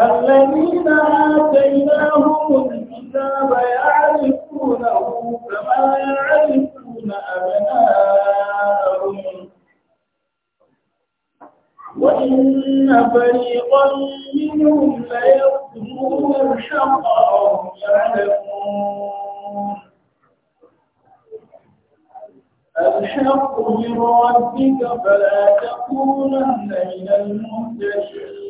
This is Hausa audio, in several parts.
الذين آتيناهم الكتاب يعرفونه كما يعرفون أبناءهم وإن فريقا منهم ليكتمون الحق وهم يعلمون الحق من ربك فلا تكونن من المهتدين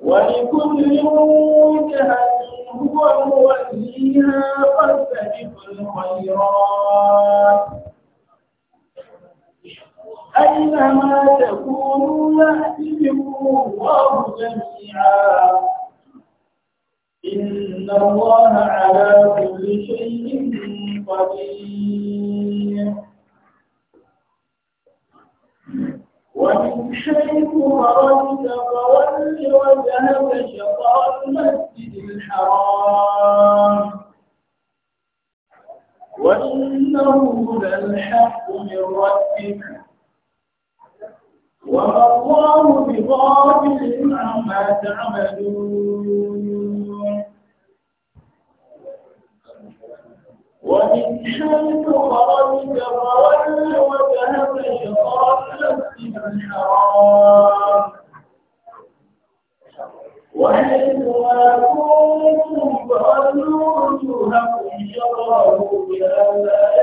ولكل وجهة هو موليها فاستبقوا الخيرات أينما تكونوا يأتي بكم جميعا إن الله على كل شيء قدير ومن حيث المسجد الحرام وإنه من ربك وما الله بغافل عما تعملون وإن حيث خرجت فول وجهك شطر المسجد الحرام وحيث ما كنتم فولوا وجوهكم شطره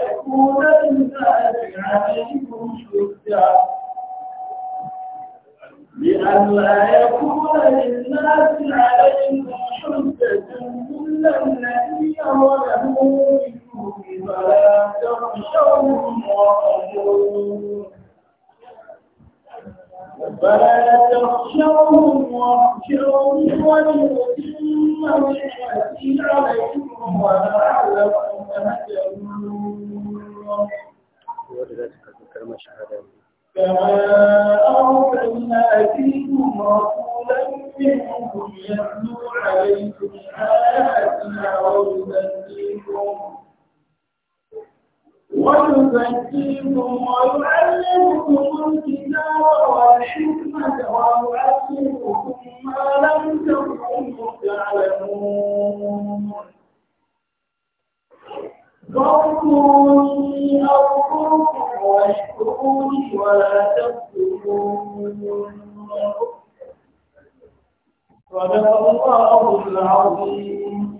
يكون للناس عليكم حجة لئلا يكون للناس عليكم حجة إلا النبي وله فلا تخشوهم واخشوني فلا تخشوهم واخشوني ولأتم نعمتي عليكم ولعلكم تهتدون كما أرسلنا فيكم رسولا منكم يتلو عليكم آياتنا ويزكيكم ويزكيكم ويعلمكم الكتاب والحكمة ويعلمكم ما لم تكونوا تعلمون فاذكروني أذكركم واشكروني ولا تكفرون صدق الله العظيم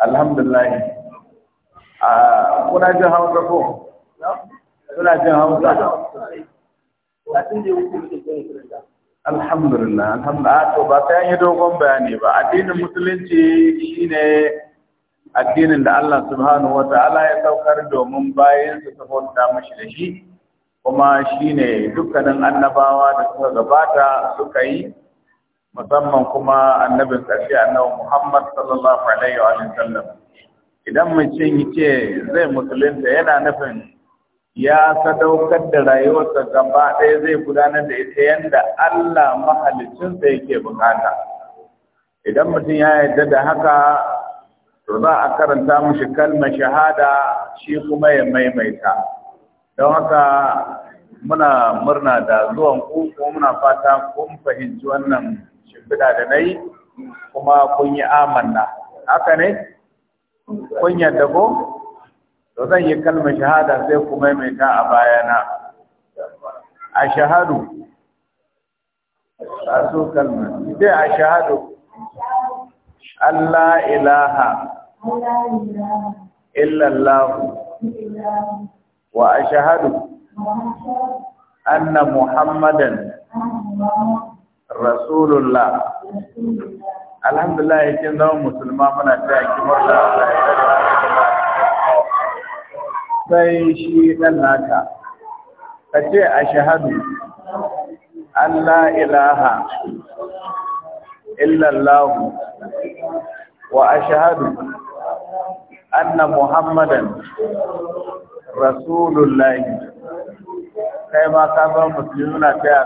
Alhamdulilayi. a ah, kuna jin hausa ko kuna jin hausa alhamdulillah alhamdulillah ah, to ba ta yi dogon bayani ba addinin musulunci shine addinin da Allah subhanahu wata'ala ya saukar domin bayan su saboda mashi da shi kuma shine dukkanin annabawa da suka gabata suka yi musamman kuma annabin ƙarshe annabi Muhammad sallallahu alaihi wa sallam idan mutum yake zai musulunta yana nufin ya sadaukar da rayuwarsa gaba ɗaya zai gudanar da ita yadda Allah mahalicinsa yake bukata idan mutum ya yarda da haka to za a karanta mashi kalmar shahada shi kuma ya maimaita don haka muna murna da zuwan ku kuma muna fata kun fahimci wannan bida da na yi kuma kun yi amanna haka ne kun yadda ko to zan yi kalmar shahada sai ku maimaita a bayana a shahadu a so kalmar sai a shahadu Allah ilaha illallahu wa ashhadu anna muhammadan rasulullah alhamdulillah yakin zama musulma muna ta yaki murna sai shi dan naka ka ce a shahadu Allah ilaha illallahu wa ashhadu anna muhammadan rasulullahi kai ma ka zama musulmi muna ta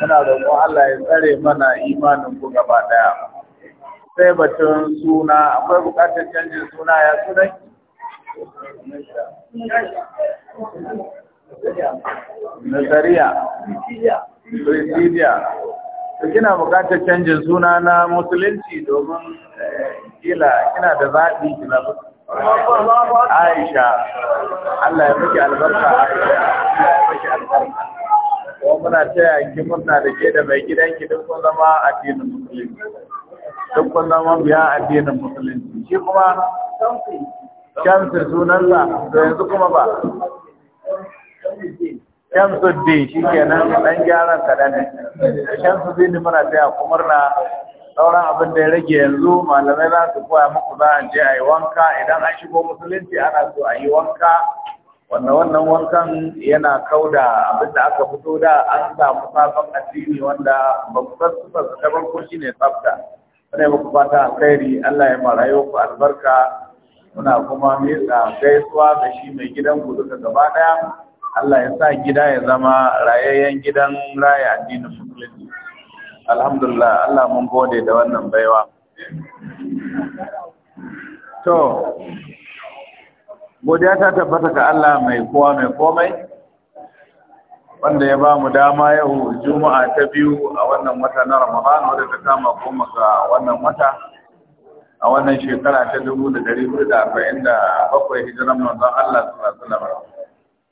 muna roƙon Allah ya tsare mana imanin ku gaba ɗaya sai batun suna akwai buƙatar canjin suna ya sunan Nazariya, Presidia, to kina buƙatar canjin suna na musulunci domin eh, kila kina da zaɓi kina Aisha, Allah ya miki albarka Aisha, Allah ya miki albarka. ko muna taya ki murna da ke da mai gidanki duk kun zama addinin musulunci duk kun zama biya addinin musulunci shi kuma shamsu sunansa to yanzu kuma ba shamsuddin shi kenan dan gyaran kaɗan ne shamsuddin muna taya ku murna sauran abin da ya rage yanzu malamai za su koya muku za a je a yi wanka idan an shigo musulunci ana so a yi wanka wannan wannan wankan yana kauda abin da aka fito da an samu sabon addini wanda ba ku san su ta farko shi ne tsafta wanda ba ku fata alkhairi Allah ya marayo ku albarka muna kuma mesa gaisuwa da shi mai gidan ku duka gaba daya Allah ya sa gida ya zama rayayyen gidan raya addinin musulunci alhamdulillah Allah mun gode da wannan baiwa to godiya ta tabbata ga Allah mai kowa mai komai wanda ya ba mu dama yau juma'a ta biyu a wannan wata na ramadan wadda ta kama koma ga wannan wata a wannan shekara ta dubu da dari da arba'in da bakwai hijiran manzon Allah sallallahu alaihi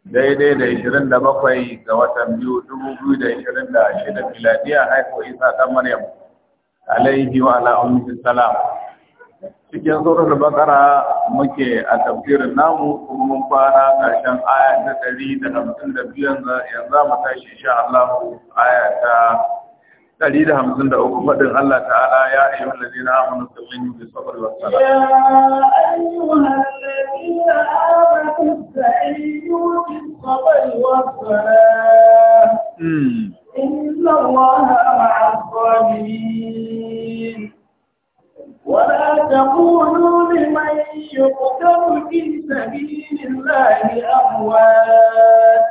daidai da ishirin da bakwai ga watan biyu dubu biyu da ishirin da miladiya haifo isa maryam alaihi wa ala ummi salam cikin da bakara muke a tafsirin namu kuma mun fara ƙarshen aya ta ɗari da hamsin da biyu yanzu mu tashi insha Allah aya ta ɗari da hamsin da uku faɗin Allah ta'ala ya ayyu allazi na amanu sabin bi sabr wa sala ya ayyu allazi na amanu sabin bi sabr wa sala hmm. inna allaha ma'as sabirin ولا تقولوا لمن يقتل في سبيل الله أموات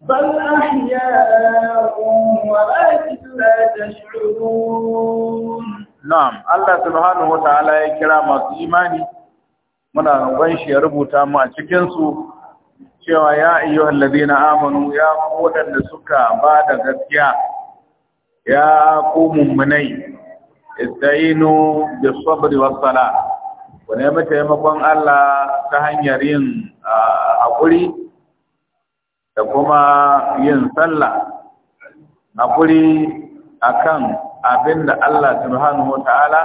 بل أحياء ولكن لا تشعرون نعم الله سبحانه وتعالى ya kira masu imani muna ban shi ya rubuta mu a cikin cewa ya ladina amanu ya waɗanda wadanda suka ba da gaskiya ya ku mummunai istainu bi sabri was sala ku nemi taimakon Allah ta hanyar yin haƙuri da kuma yin sallah haƙuri akan abin da Allah subhanahu wata'ala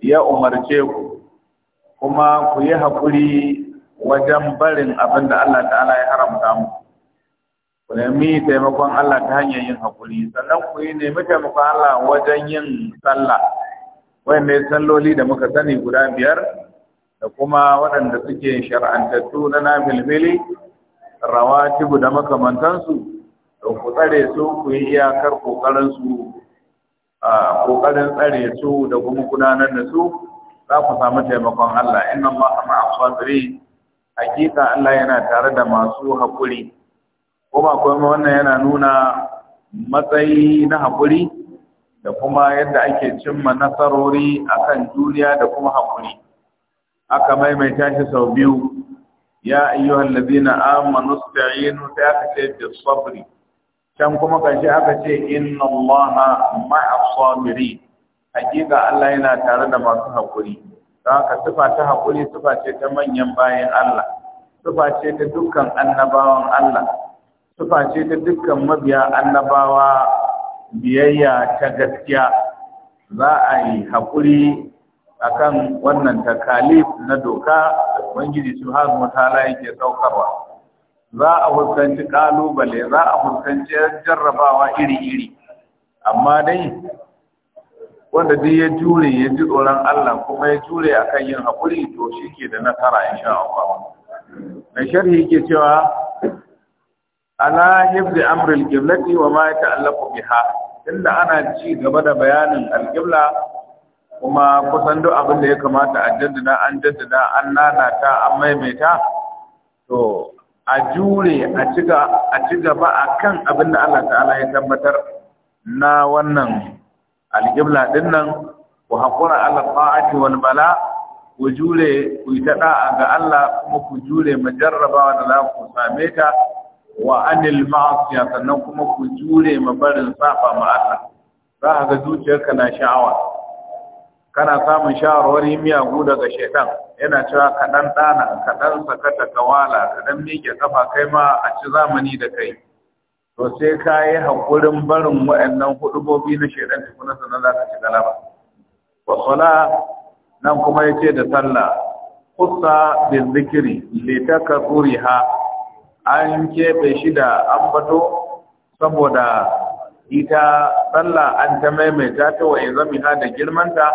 ya umarce ku kuma ku yi haƙuri wajen barin abin da Allah ta'ala ya haramta mu. ku nemi taimakon Allah ta hanyar yin haƙuri sannan ku yi nemi taimakon Allah wajen yin sallah wayanne salloli da muka sani guda biyar da kuma waɗanda suke shar'antattu na rawa cibu da makamantansu to ku tsare su ku yi iyakar kokarinsu a kokarin tsare su da kuma gudanar da su za ku samu taimakon Allah inna Allah ma'a hakika Allah yana tare da masu haƙuri ko ba kuma wannan yana nuna matsayi na haƙuri da kuma yadda ake cimma nasarori akan duniya da kuma haƙuri aka maimaita shi sau biyu ya ayyuhal ladina amanu sta'inu sai aka ce bi sabri can kuma kashi aka ce inna allaha ma'as hakika Allah yana tare da masu haƙuri don haka sifa ta haƙuri sifa ce ta manyan bayan Allah sifa ce ta dukkan annabawan Allah sufa ta dukkan mabiya annabawa biyayya ta gaskiya za a yi haƙuri kan wannan takalif na doka su subhanahu wataala yake saukarwa za a fuskanci ƙalubale, za a fuskanci jarrabawa iri-iri amma dai wanda duk ya jure ya ji tsoron Allah kuma ya jure kan yin haƙuri to shi ke da nasara insha Allah. Na sharhi ke cewa ala hifzi amril qiblati wa ma ta'allaqu biha tunda ana ci gaba da bayanin alqibla kuma kusan duk abin da ya kamata a jaddada an jaddada an nanata an maimaita to a jure a ci gaba a kan abin da Allah ta'ala ya tabbatar na wannan alqibla ɗin nan ku haƙura alƙa'ati wal bala ku jure ku yi ta ga Allah kuma ku jure majarrabawa da za ku same ta wa anil ma'asiya sannan kuma ku jure ma barin saba ma Allah za ka ga zuciyarka na sha'awa kana samun shawarwari miyagu daga shaitan yana cewa ka dan dana ka dan saka ta ƙafa ka dan miƙe kafa kai ma a ci zamani da kai to sai ka yi haƙurin barin waɗannan hudubobi na shaitan tukuna sannan za ka ci galaba wa sala nan kuma yace da sallah kusa bin zikiri litakasuriha an keɓe shi da bato saboda ita sallah an ta maimaita ta wa izamina da girmanta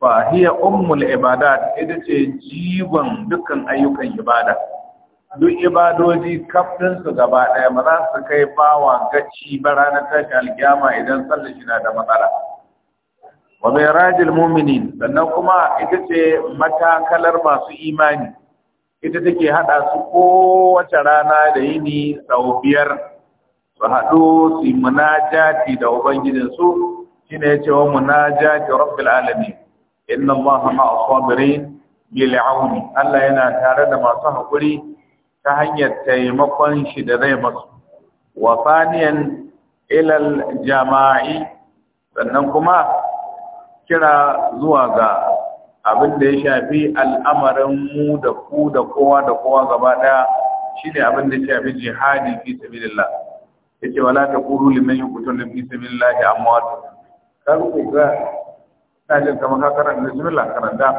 fa hiya ummul ibada ita ce jigon dukkan ayyukan ibada duk ibadoji kaftin su gaba ɗaya ba za su kai bawa gaci ba ranar tashi alkiyama idan sallah shi na da matsala wa mai rajil muminin sannan kuma ita ce matakalar masu imani ita take hada su kowace rana da yini sau biyar su haɗu su munajati da ubangijinsu shine ya ce wa munajati rabbil alamin inna allaha ma sabirin bil auni Allah yana tare da masu haƙuri ta hanyar taimakon shi da zai masu wa faniyan ilal jama'i sannan kuma kira zuwa ga abin da ya shafi al'amarin mu da ku da kowa da kowa gaba daya shine abin da ya shafi jihadi fi sabilillah ce wala kuru liman yuqtalu fi sabilillah wato kar ku ga ta jin kamar ka karanta bismillah karanta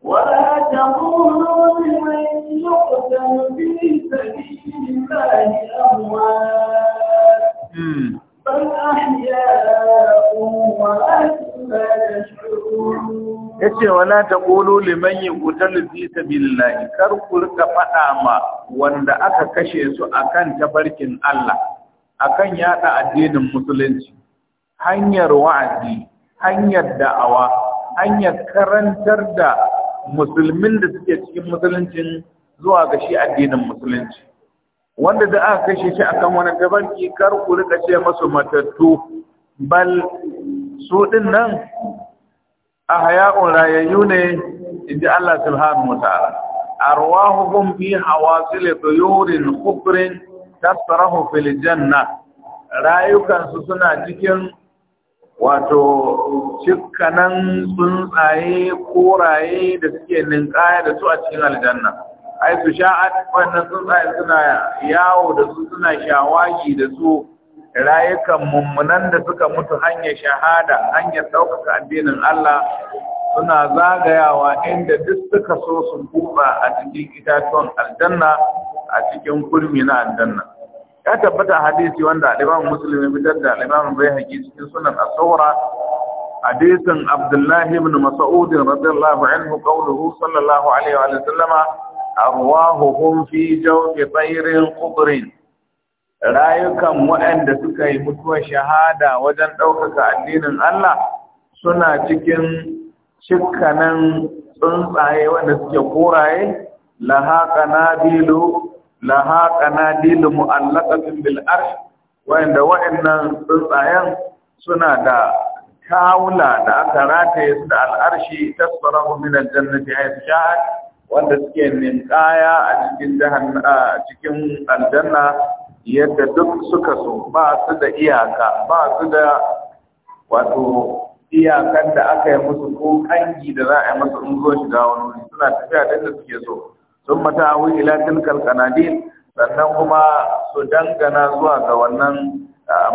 ولا تقولوا لمن يقتل في سبيل الله amma بل أحياء ولكن يشعرون yace wala taqulu liman yuqtalu fi sabilillahi kar ku rika ma wanda aka kashe su akan tabarkin Allah akan yada addinin musulunci hanyar wa'azi hanyar da'awa hanyar karantar da musulmin da suke cikin musuluncin zuwa ga shi addinin musulunci wanda da aka kashe shi akan wani gaban kar ku rika ce masu matattu bal su din nan haya'un rayayyu ne inji Allah subhanahu wa ta'ala arwahuhum fi hawasil tuyurin khubrin tasrahu fil janna rayukansu suna cikin wato cikkanan tsuntsaye koraye da suke ninkaya da su a cikin aljanna ai su sha'at wannan tsuntsaye suna yawo da su suna shawagi da su rayukan mummunan da suka mutu hanyar shahada hanyar ɗaukaka addinin Allah suna zagayawa inda duk suka so su kuba a cikin itatuwan aljanna a cikin kurmi na aljanna ya tabbata hadisi wanda al musulmi fitar da al bai haƙi cikin sunan a saura hadisin abdullahi ibn Mas'ud radiyallahu anhu qawluhu sallallahu alaihi wa sallama arwahuhum fi jawfi tayrin qubrin rayukan waɗanda suka yi mutuwar shahada wajen ɗaukaka addinin Allah suna cikin cikkanan tsuntsaye wanda suke koraye laha qanadilu laha qanadilu mu'allaqatin bil arsh wanda waɗannan tsuntsayen suna da kawula da aka rataye su da al'arshi tasfarahu min al-jannati haythu sha'at wanda suke ninkaya a cikin jahanna cikin aljanna yadda duk suka so ba su da iyaka ba su da wato iyakan da aka yi musu ko kangi da za a yi musu in zo shiga wani suna tafiya da inda suke so sun mata hawi ila tilkal kanadin sannan kuma su dangana zuwa ga wannan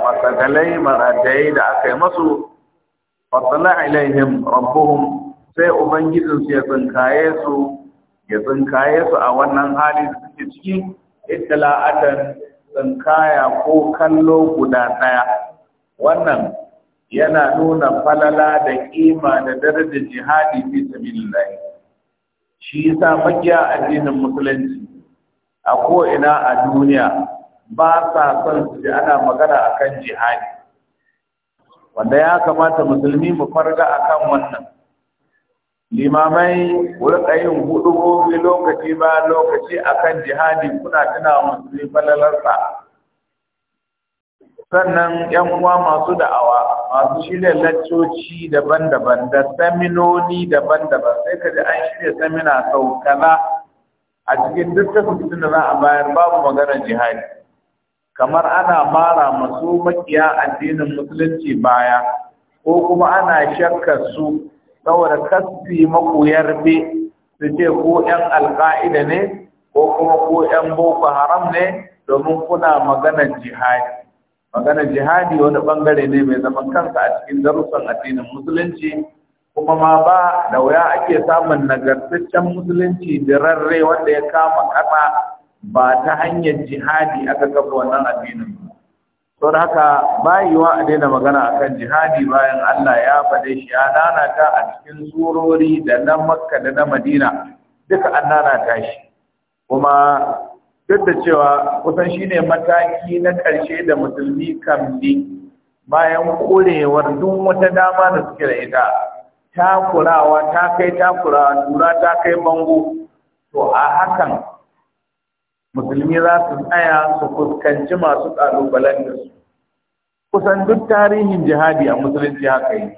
matsagalai maradai da aka yi masu fasala ilaihim rabbuhum sai ubangijinsu ya tsinkaye su ya tsinkaye su a wannan hali da suke ciki ittila'atan tsinkaya ko kallo guda ɗaya wannan yana nuna falala da kima da darajar jihadi fi sabilillah shi yasa makiya addinin musulunci a ko ina a duniya ba sa son su ji ana magana akan jihadi wanda ya kamata musulmi mu farga akan wannan limamai wurin hudu gobe lokaci ba lokaci akan jihadi kuna tuna musulmi falalarsa sannan yan uwa masu da'awa masu shirya laccoci daban-daban da saminoni daban-daban sai ka ji an shirya samina sau kaza a cikin duk da za a bayar babu maganar jihadi kamar ana mara masu makiya addinin musulunci baya ko kuma ana shakkar su saboda kasfi maku bi su ce ko ƴan alƙa'ida ne ko kuma ko ƴan boko haram ne domin kuna maganar jihadi maganar jihadi wani bangare ne mai zaman kansa a cikin darussan addinin musulunci kuma ma ba da wuya ake samun nagartaccen musulunci da dirarre wanda ya kama kasa ba ta hanyar jihadi aka kafa wannan addinin ba sau da haka bayiwa a daina magana a kan jihadi bayan Allah ya faɗe shi ya nanata a cikin surori da na makka da na madina duka an nanata shi kuma duk da cewa kusan shine mataki na ƙarshe da musulmi kan bi bayan korewar duk wata dama da suke da ita takurawa ta kai takurawa tura ta kai bango to a hakan musulmi za su tsaya su fuskanci masu ƙalubalen da su kusan duk tarihin jihadi a musulunci haka yi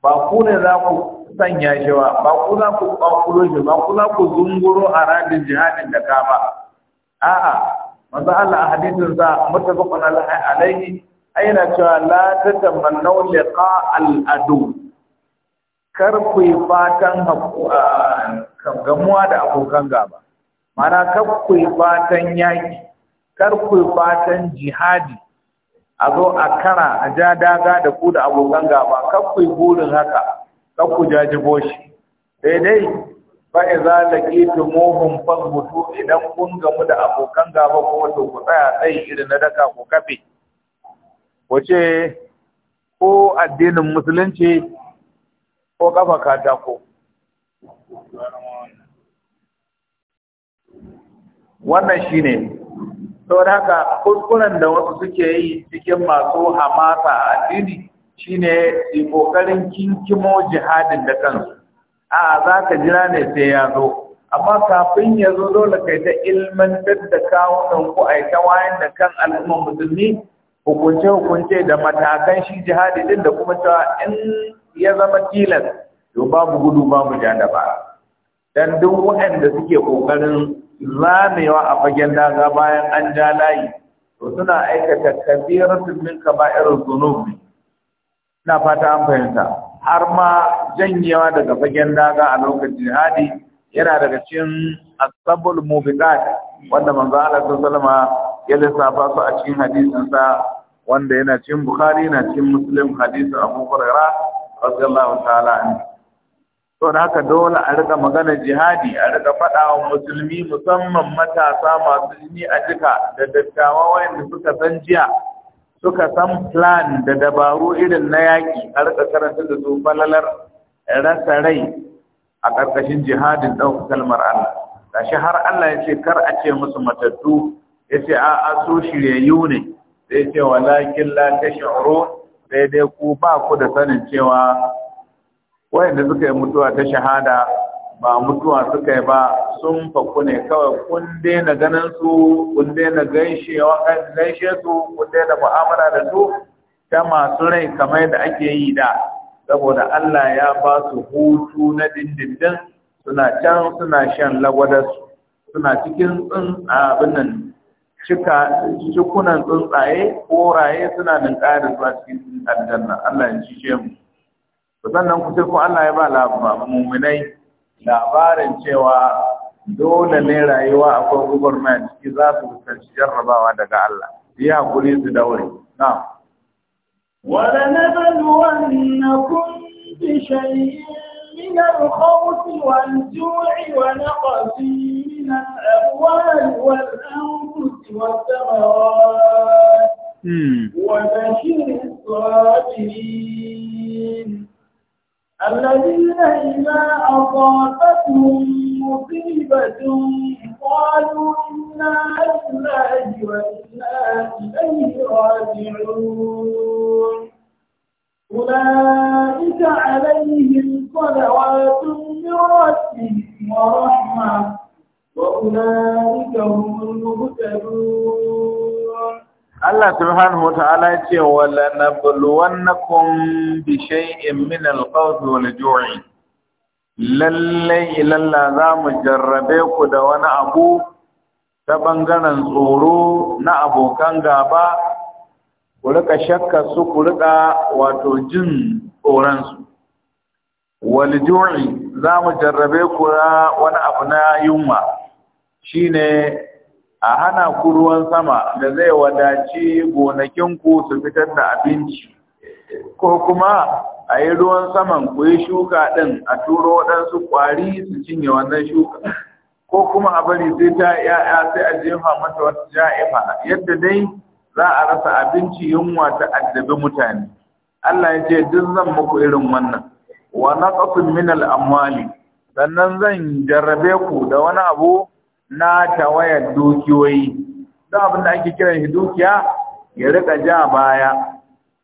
ba ku ne za ku sanya shi ba ba ku za ku kwakulo shi ba ku za ku zunguro a radin jihadin da ka ba a'a manzo Allah a hadisin sa muttafaqun alaihi aina cewa la tatamannu liqa al-adu kar ku yi fatan gamuwa da abokan gaba mana kar ku yi fatan yaki kar ku yi fatan jihadi a zo a kara a ja daga da ku da abokan gaba kakkui burin haka ku kakku jajibo shi daidai ta iza laqitu muhum fazbutu idan kun gamu da abokan gaba ko to ku tsaya tsayi irin na daka ku kafe ce ko addinin musulunci ko kafa katako wannan shine don haka kuskuren da wasu suke yi cikin masu hamasa a addini shine su kokarin kinkimo jihadin da kansu a za ka jira ne sai ya zo amma kafin ya zo dole kai ta ilmantar da kawunan ku a ta wayan da kan al'umman musulmi hukunce-hukunce da matakan shi jihadi din da kuma cewa in ya zama tilas to babu gudu babu jada ba dan duk waɗanda suke kokarin zamewa a fagen daga bayan an ja layi to suna aikata kabiratun min kaba'irul dhunub na fata an fahimta har ma janyewa daga fagen daga a lokacin jihadi yana daga cikin asabul mubidat wanda manzo Allah sallallahu ya lissafa su a cikin hadisin sa wanda yana cikin Bukhari na cikin Muslim hadisin Abu Hurairah radiyallahu ta'ala anhu to da haka dole a rika magana jihadi a riga faɗawa musulmi musamman matasa masu jini a jika da dattawa wayanda suka san jiya suka san plan da dabaru irin na yaƙi a riga karanta da su falalar rasa rai a ƙarƙashin jihadin ɗaukar kalmar Allah shi har Allah ya ce kar a ce musu matattu ya ce a a so shiryayyu ne sai ce walakin la tash'uru sai dai ku ba ku da sanin cewa wayanda suka yi mutuwa ta shahada ba mutuwa suka yi ba sun faku ne kawai kun daina ganin su kun daina gaishe gaishe su kun daina mu'amala da su ta masu rai kamar da ake yi da saboda Allah ya ba su hutu na dindindin suna can suna shan lagwadarsu suna cikin tsuntsa abin nan cika cikunan tsuntsaye koraye suna ninkaya da su a cikin aljanna Allah ya ci mu sannan kusur ko Allah ya ba Muminai, labarin cewa dole ne rayuwa a kan gugur mai ciki za su fuskanci jarrabawa daga Allah su yi hakuri su daure na wala na zanuwannakun bi shayin minar hausi wa na ƙwafi Hmm. الذين إذا أصابتهم مصيبة قالوا إنا لله وإنا إليه راجعون أولئك عليهم صلوات من ربهم ورحمة وأولئك هم المهتدون Allah subhanahu wa ta'ala ya ce wa lanabluwannakum bi shay'in min al-khawfi wal ju'i lallai ilalla za mu jarrabe ku da wani abu ta bangaren tsoro na abokan gaba ku rika shakka su ku rika wato jin tsoron su wal ju'i za mu jarrabe ku wani abu na yunwa shine a hana ku ruwan sama da zai wadaci gonakinku su fitar da abinci ko kuma a yi ruwan saman ku yi shuka ɗin a turo waɗansu ƙwari su cinye wannan shuka ko kuma a bari sai ta ya'ya sai a jefa mata wata ja'ifa yadda dai za a rasa abinci yunwa ta addabi mutane Allah ya ce duk zan muku irin wannan wa naqasun min al-amwali sannan zan jarrabe ku da wani abu na tawayar dukiyoyi don abin da ake kiran shi dukiya ya rika ja baya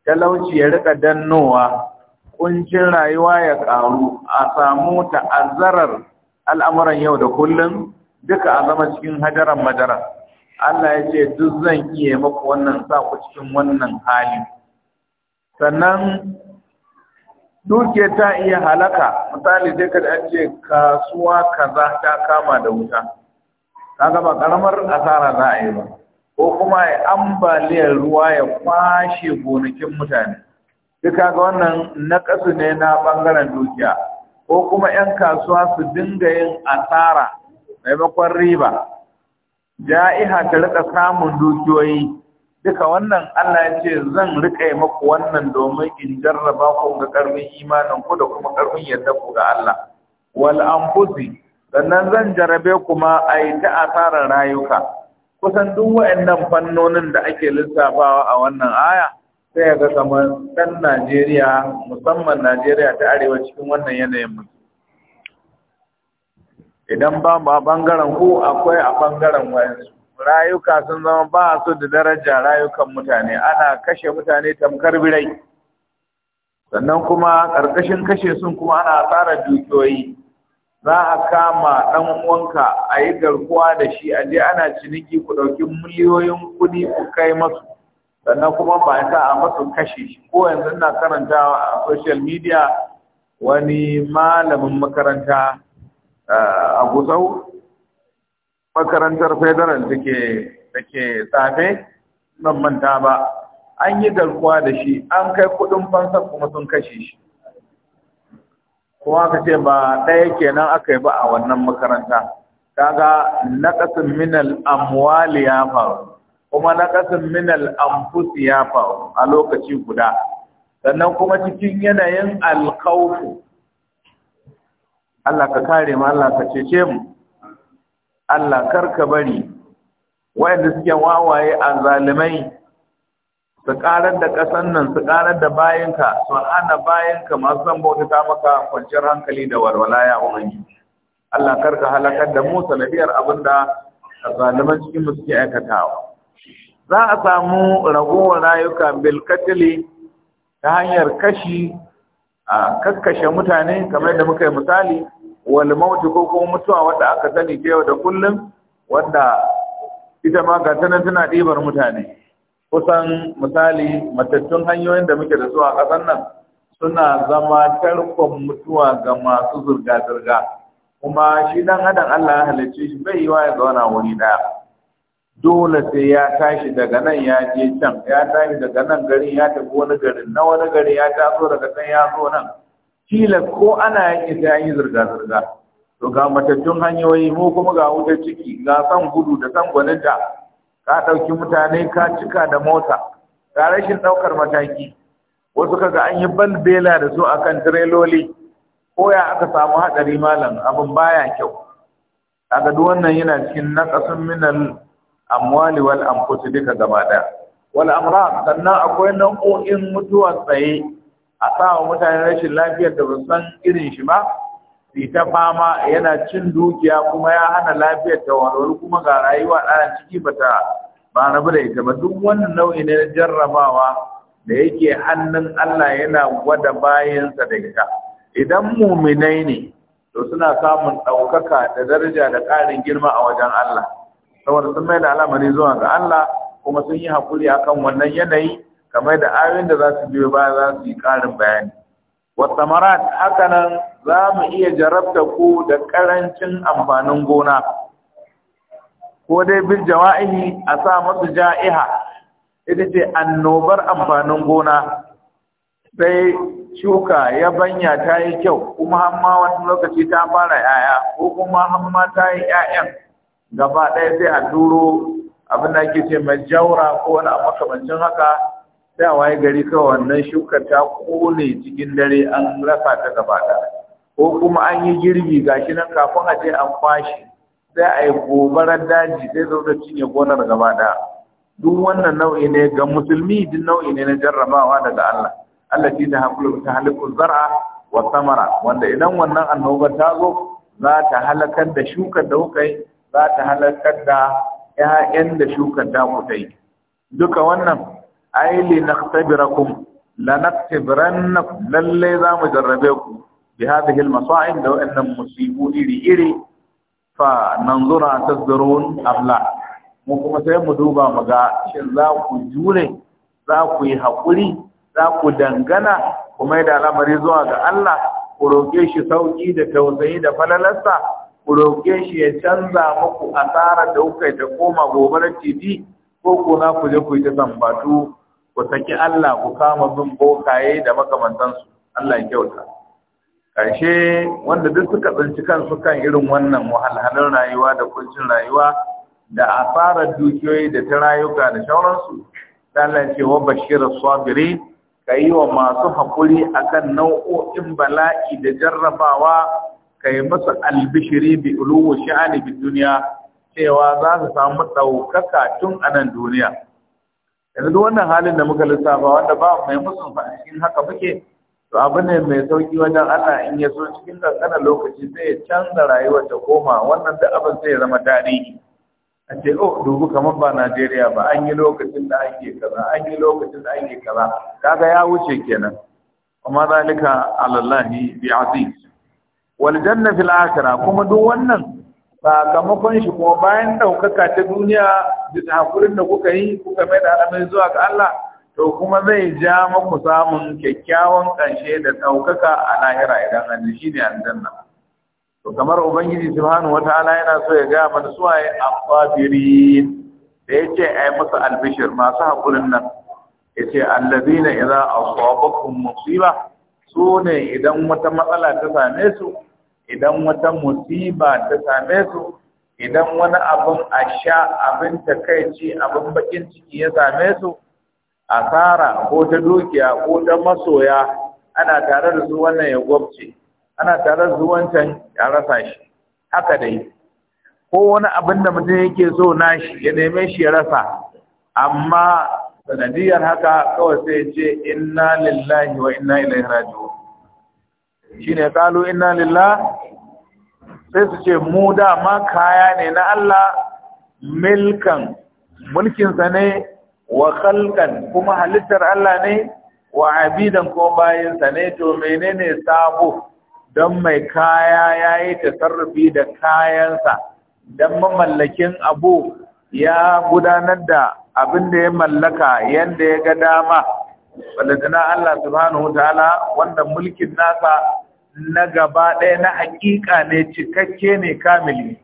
talauci ya rika dannowa kuncin rayuwa ya karu a samu ta'azzarar al'amuran yau da kullum duka a zama cikin hajaran madara Allah ya ce duk zan iya maku wannan sa cikin wannan hali sannan duke ta iya halaka misali sai ka ce kasuwa kaza ta kama da wuta kaga ba karamar asara za a yi ba ko kuma ya ambaliyar ruwa ya kwashe gonakin mutane duk kaga wannan nakasu ne na bangaren dukiya ko kuma 'yan kasuwa su dinga yin asara maimakon riba ja'iha ta rika samun dukiyoyi duka wannan Allah ya ce zan rika maku wannan domin in jarraba ku ga karfin imanin ku da kuma karfin yadda ku ga Allah wal anfusi sannan zan jarabe kuma a yi ta asarar rayuka kusan duk wa'annan fannonin da ake lissafawa a wannan aya sai ga kamar ɗan Najeriya musamman Najeriya ta arewa cikin wannan yanayin mu. idan ba mu a bangaren ku akwai a bangaren wayansu rayuka sun zama ba su da daraja rayukan mutane ana kashe mutane tamkar birai sannan kuma ƙarƙashin kashe sun kuma ana tsara dukiyoyi za a kama ɗan uwanka a yi garkuwa da shi a je ana ciniki ku ɗauki miliyoyin kuɗi ku kai masu sannan kuma ba sa a masu kashe shi ko yanzu ina karantawa a social media wani malamin makaranta eh, a gusau makarantar federal da ke tsafe nan manta ba an yi garkuwa da shi an kai kuɗin fansa kuma sun kashe shi kuma ka ce ba ɗaya kenan aka yi ba a wannan makaranta kaga naqasun minal amwali ya faru kuma naqasun minal anfus ya faru a lokaci guda sannan kuma cikin yanayin alkhawfu Allah ka kare mu Allah ka cece mu Allah karka bari wayanda suke wawaye a zalimai su karar da ƙasan nan su karar da bayanka su hana bayanka masu zan bautata maka kwanciyar hankali da walwala ya Allah karka halakar da mu sanadiyar abin da zaliman cikin mu suke aikatawa za a samu ragowar rayuka bilkatili ta hanyar kashi a kakkashe mutane kamar da muka yi misali wal mauti ko kuma mutuwa wadda aka sani ta yau da kullum wadda ita ma ga tana tana ɗibar mutane kusan misali matattun hanyoyin da muke da su a ƙasar nan suna zama tarkon mutuwa ga masu zurga-zurga kuma shi dan adam Allah ya halicce shi bai wa ya zauna wuri daya dole sai ya tashi daga nan ya je can ya tashi daga nan garin ya tafi wani garin na wani garin ya taso daga can ya zo nan kila ko ana yake sai an yi zurga-zurga to ga matattun hanyoyi mu kuma ga wutar ciki ga san gudu da san gwaninta ka ɗauki mutane ka cika da mota ga rashin ɗaukar mataki wasu kaga an yi ban bela da su akan tireloli ko ya aka samu haɗari malam abin baya kyau kaga duk wannan yana cikin naqasun minal amwali wal anfus duka gaba ɗaya wal amrad sannan akwai nau'o'in mutuwa tsaye a sawa mutane rashin lafiyar da ba san irin shi ba ta fama yana cin dukiya kuma ya hana lafiyar ta walwal kuma ga rayuwa ɗaya ciki bata ba na bude ita ba duk wannan nau'i ne na jarrabawa da yake hannun Allah yana gwada bayansa da ita idan muminai ne to suna samun ɗaukaka da daraja da ƙarin girma a wajen Allah saboda sun mai da al'amari zuwa ga Allah kuma sun yi haƙuri akan wannan yanayi kamar da ayoyin da za su biyo baya za su yi ƙarin bayani wasamarat hakanan za mu iya jarabta ku da ƙarancin amfanin gona ko dai bil jawa'ihi a sa masu ja'iha ita ce annobar amfanin gona sai shuka ya banya ta yi kyau kuma hamma wani lokaci ta fara yaya ko kuma hamma ta yi yayan gaba ɗaya sai a turo abin da ake ce mai jaura ko wani makamancin haka sai waye gari ka wannan shukar ta kone cikin dare an rasa ta gaba ko kuma an yi girbi gashi nan kafin a je an kwashe? sai a yi gobarar daji sai zo da cinye gonar gaba duk wannan nau'i ne ga musulmi duk nau'i ne na jarrabawa daga Allah Allah shi da hakulu ta halikul zar'a wa samara wanda idan wannan annobar ta zo za ta halakar da shukar da kuka yi za ta halakar da 'ya'yan da shukar da kuka yi duka wannan na li naktabirakum la na lalle za mu jarrabe ku bi hadhihi al masa'ib da wa'annan musibu iri iri fa nanzura ta zurun Amla. mu kuma sai mu duba mu ga shin za ku jure za ku yi hakuri za ku dangana kuma da al'amari zuwa ga Allah ku roƙe shi sauƙi da tausayi da falalarsa ku roƙe shi ya canza muku asarar da kuka ta koma gobarar titi ko kuna ku je ku yi ta sambatu ku saki Allah ku kama bin bokaye da makamantansu Allah ya kyauta ƙarshe wanda duk suka tsinci kansu kan irin wannan wahalhalun rayuwa da kuncin rayuwa da asarar dukiyoyi da ta rayuka da shauransu Allah ce wa bashirar sabiri ka yi wa masu haƙuri a kan nau'o'in bala'i da jarrabawa ka yi masu albishiri bi uluwu sha'ani bi duniya cewa za su samu ɗaukaka tun a nan duniya yanzu duk wannan halin da muka lissafa wanda ba mai musun fa cikin haka muke to abu ne mai sauki wajen Allah in ya so cikin kankanin lokaci sai ya canza rayuwar ta koma wannan da abin sai ya zama tarihi a ce oh dubu kamar ba Najeriya ba an yi lokacin da ake kaza an yi lokacin da ake kaza kaga ya wuce kenan amma zalika alallahi bi aziz wal janna fil akhirah kuma duk wannan sakamakon shi kuma bayan ɗaukaka ta duniya da hakurin da kuka yi kuka mai da alamai zuwa ga Allah to kuma zai ja maku samun kyakkyawan ƙarshe da ɗaukaka a lahira idan an shi ne aljanna to kamar ubangiji subhanahu wataala yana so ya ga mana su waye asabirin da yace ai musu albishir masu hakurin nan yace allazina idza asabakum musiba sune idan wata matsala ta same su idan wata musiba ta same su idan wani abin a sha abin takaici abin bakin ciki ya same su asara ko ta dukiya ko ta masoya ana tare da su wannan ya gwabce ana tare da su wancan ya rasa shi haka dai ko wani abin da mutum yake so nashi ya neme shi ya rasa amma sanadiyar haka kawai sai ce inna lillahi wa inna ilaihi raji'un shine qalu inna lillah sai su ce mu dama kaya ne na Allah milkan mulkinsa ne wa khalqan kuma halittar Allah ne wa abidan ko bayinsa ne to menene sabo don mai kaya yayi tasarrufi da kayansa dan mamallakin abu ya gudanar da abin da ya mallaka yanda ya ga dama na Allah subhanahu ta'ala wanda mulkin nasa na gaba ɗaya na hakika ne cikakke ne kamili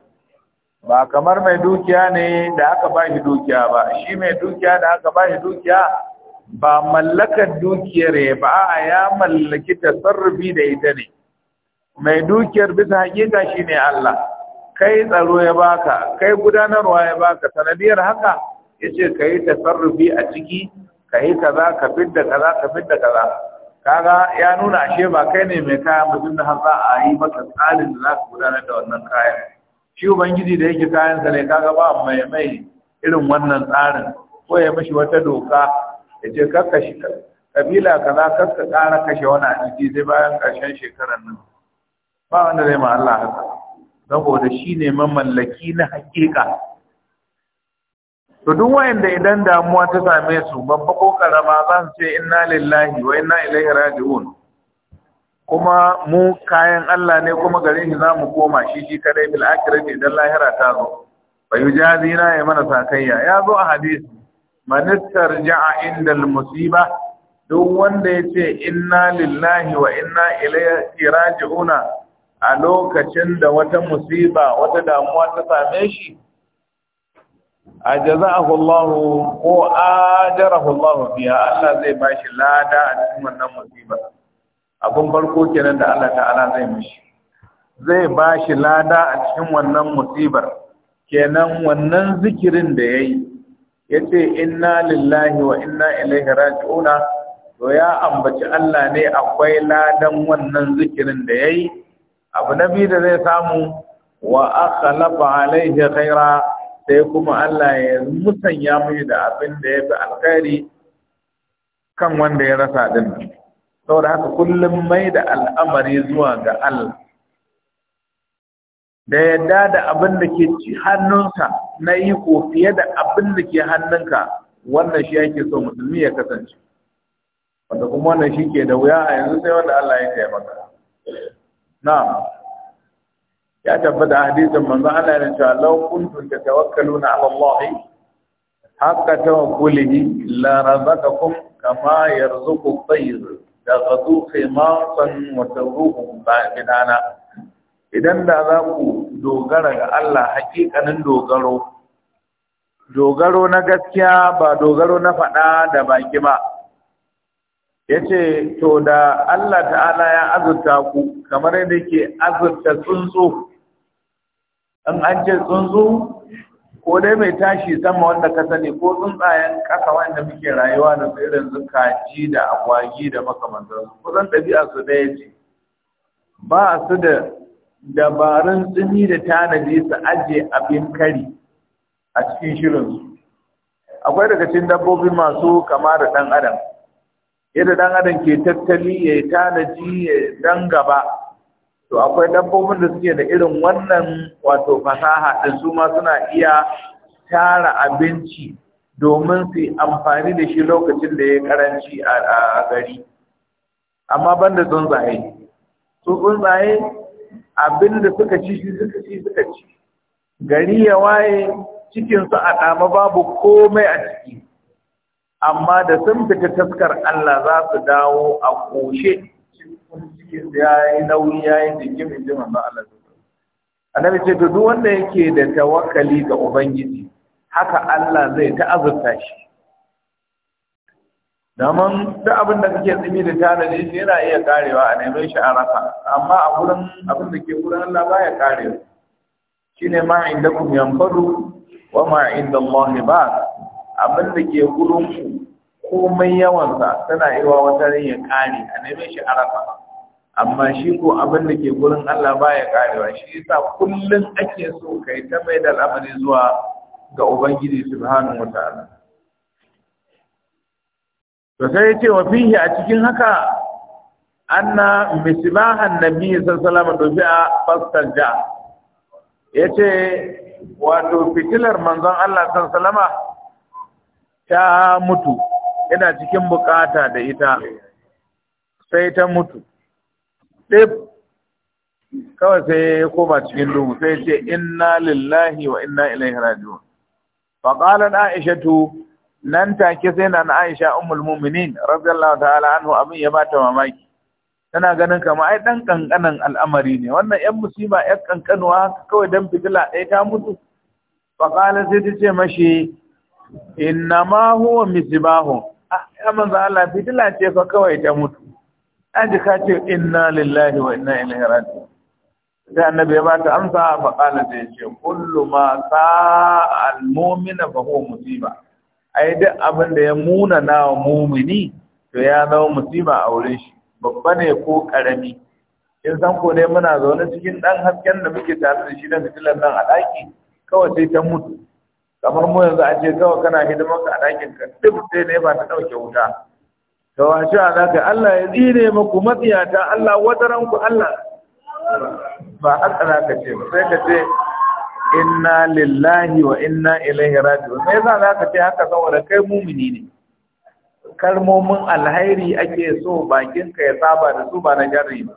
ba kamar mai dukiya ne da aka ba shi dukiya ba shi mai dukiya da aka ba shi dukiya ba mallakar dukiyar ba a ya mallaki tasarrufi da ita ne mai dukiyar bisa haƙiƙa shi ne Allah kai tsaro ya baka kai gudanarwa ya baka sanadiyar haka ya ce ka yi tasarrufi a ciki ka kaza ka fidda kaza ka fidda kaza kaga ya nuna ashe ba kai ne mai kaya ba har za a yi maka tsarin da za ka gudanar da wannan kayan shi ubangiji da yake kayansa ne kaga ba mai mai irin wannan tsarin ko ya mishi wata doka ya ce kakka shi kabila kaza kakka kara kashe wani aiki dai sai bayan karshen shekarar nan ba wanda zai ma Allah haka saboda shi ne mamallaki na hakika to duk wayanda idan damuwa ta same su babba ko karama za su ce inna lillahi wa inna ilaihi raji'un kuma mu kayan Allah ne kuma gare shi zamu koma shi shi kadai bil akhirati idan lahira ta zo fa yujazina ya mana sakayya ya zo a hadisi man tarja'a inda musiba duk wanda ya ce inna lillahi wa inna ilaihi raji'una a lokacin da wata musiba wata damuwa ta same shi ajaza'ahu Allah ko ajarahu Allah biya Allah zai bashi lada a cikin wannan musiba abun farko kenan da Allah ta'ala zai mishi zai bashi lada a cikin wannan musibar kenan wannan zikirin da yayi yace inna lillahi wa inna ilaihi raji'una to ya ambaci Allah ne akwai ladan wannan zikirin da yayi abu nabi da zai samu wa akhlafa alaihi khaira sai kuma Allah ya musanya mishi da abin da ya fi alkhairi kan wanda ya rasa din saboda haka kullum mai da al'amari zuwa ga Allah da yadda da abin da ke ci hannunsa na iko fiye da abin da ke hannunka wannan shi yake so musulmi ya kasance wanda kuma wannan shi ke da wuya a yanzu sai wanda Allah ya taimaka na'am ya tabbata hadisin manzo Allah ya ce law kuntum tatawakkaluna ala Allah haqqa tawakkulihi la razaqakum kama yarzuqu at-tayr taghdu khimatan wa taruhu ba'idana idan da za ku dogara ga Allah hakikanin dogaro dogaro na gaskiya ba dogaro na faɗa da baki ba yace to da Allah ta'ala ya azurta ku kamar yadda ke azurta tsuntsu in an ce tsuntsu ko dai mai tashi sama wanda ka sani ko tsuntsayen ƙasa wanda muke rayuwa da su irin su kaji da agwagi da su kusan ɗabi'a su ɗaya ce ba su da dabarun tsini da tanadi su ajiye abin kari a cikin shirinsu akwai daga cikin dabbobi masu kama da ɗan adam yadda ɗan adam ke tattali ya yi tanadi ya dan gaba to akwai dabbobin da suke da irin wannan wato fasaha da su ma suna iya tara abinci domin su yi amfani da shi lokacin da ya karanci a gari amma ban da tsuntsaye su tsuntsaye abin da suka ci shi suka ci suka ci gari ya waye cikinsu a ɗama babu komai a ciki amma da sun fita taskar Allah za su dawo a ƙoshe cikin ya yi nauyi ya yi jikin inji manzo Allah annabi ce to duk wanda yake da tawakkali ga ubangiji haka Allah zai ta azurta shi daman duk abin da kake tsimi da tanadi shi yana iya karewa a neme shi a rafa amma a gurin abin da ke gurin Allah baya karewa shine ma inda kun yanfaru wa ma inda Allah ba abin da ke gurin ku komai yawansa tana iya wata rin ya kare a neme shi a rafa amma shi ko abin da ke gurin Allah baya karewa shi yasa kullum ake so kai ta mai da al'amari zuwa ga ubangiji subhanahu wataala to sai yace wa fihi a cikin haka anna misbahan nabi sallallahu alaihi wasallam dubi'a fastanja yace wato fitilar manzon Allah sallallahu alaihi wasallam ta mutu yana cikin bukata da ita sai ta mutu ɗib kawai sai ya koma cikin duhu sai ce inna lillahi wa inna ilaihi raji'un fa qalat aishatu nan take sai na aisha ummul mu'minin radiyallahu ta'ala anhu abin ya bata mamaki tana ganin kamar ai dan kankanan al'amari ne wannan yan musiba yan kankanuwa kawai dan fitila ɗaya ta mutu fa qalat sai ta ce mashi inna ma huwa misbahu ah ya manzo Allah fitila ce fa kawai ta mutu aji ka ce inna lillahi wa inna ilaihi raji sai annabi ya ba ta amsa fa qala da ce kullu ma sa al-mu'mina fa huwa musiba ai duk abin da ya muna na mumini to ya zama musiba a wurin shi babba ne ko karami in san ko ne muna zaune cikin dan hasken da muke tare da shi da fitilar nan a daki kawai sai ta mutu kamar mu yanzu a ce kawai kana hidimar ka a dakin ka duk sai ne ba ta dauke wuta ka a ka Allah ya tsire maku matsiyata Allah wadaranku Allah ba haka za ka ce ba sai ka ce inna lillahi wa inna ilaihi raji'un me yasa za ka ce haka saboda kai mumini ne kalmomin alhairi ake so ka ya saba da su ba na jarri ba